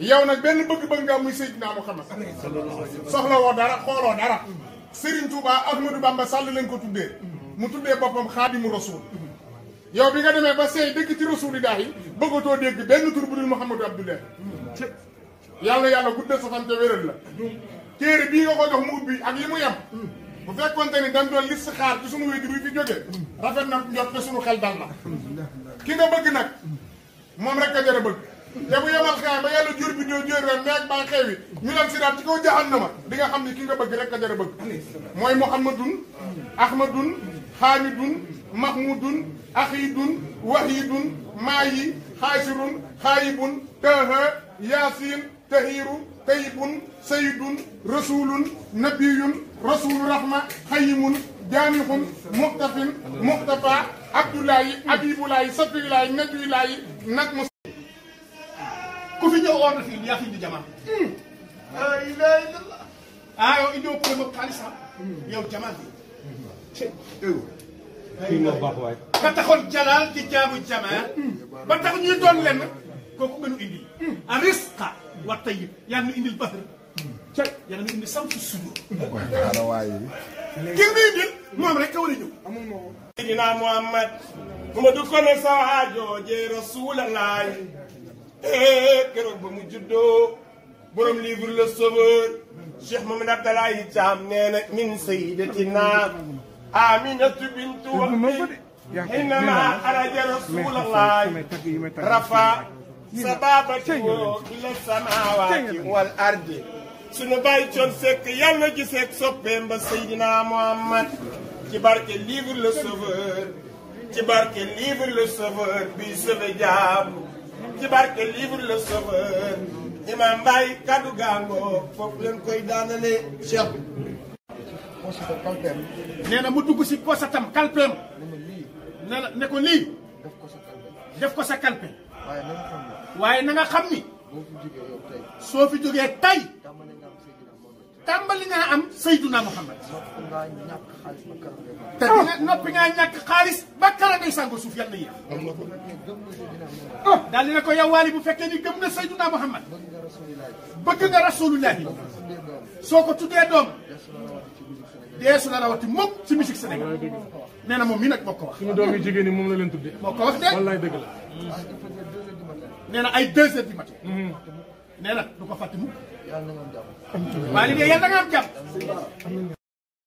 yow nag benn bëgg-bëgg nga muy Seydina Muhammad soxla woo dara xooloo dara Serigne Touba Ahmadou Bamba Sall lañ ko tuddee mu tuddee boppam xaadimu rasul yow bi nga demee ba seey dëkk ci rasulillah yi bëggatoo dégg benn tur bu dul Mouhamadou Abdoulaye yàlla yàlla guddal sa fan te wéral la téere bii nga ko jox mu ubbi ak li mu yem bu fekkonte ni dañ doon listixaar ci suñu wéydi bi fi jógee rafet na njot te suñu xel dal na ki nga bëgg nag moom rek a jar te bu yemal xëy ba yàlla jur bi ñëw jur ren meeg baa xew yi ñu leen si daal ci kaw jahannama di nga xam ni ki nga bëgg rek ka jar a bëgg mooy muhammadun ahmadun xaamidun mahmudun axidun wahidun maayi xaasirun xaayibun tëhë yaasin tahiru tayibun sayidun rasulun nabiyun rasulu rahma xayimun jaamihun muxtafin muxtafa abdoulayi abibulayi safiyulayi nabiyulayi nag ku fi ñëw ordre fii yaa fi indi jamaa hmm. la ilaha illallah ah indi ko mo xaalis yow jamaa bi kii ba di jaamu jamaa ba tax ñuy doon lenn kooku nga indi a wa tayyib yaa nu indil bahr yaa nu indi samsu sudur ala waay ki rek ka amul Muhammad kuma du ko ne sa aajo je rasulallah Eh, keroog ba mu juddoo borom livre le sauveur cheikh mamadou abdalahi caam nee na min sayyidatina aminatu bintu waqti حينما خرج رسول الله رفع سبابته الى السماوات والارض sunu bàyyi coon sekk yàlla giseeg soppeem ba Seydina Muhammad ci barke livre le sauveur ci barke livre le sauveur bi sauve jaamu ci barke livre le sauveur imam Mbaye kaddu gaango foofu leen koy daanale cheikh bi nee na mu dugg si posatam kalpeem ne na ne ko lii def ko sa kalpe waaye na nga xam ni soo fi jógee tay tàmbali naa am Seydina Muhammad. te dina noppi ngaa ñàkk xaalis ba kara ngay sàngoo suuf yàlla yéex. daal dina ko yow waali bu fekkee ni gëm nga Seydina Muhammad. bëgg nga rasulullahi soo ko tuddee doom. deesu la rawati moom ci musique Sénégal nee na moom mi ko wax. suñu doom yi jigéen ñi moom la leen tuddee. moo ko wax de ay deux nee na du ko fàtte mukk. yàlla na nga am jàmm. waaye li de yàlla na nga am jàmm.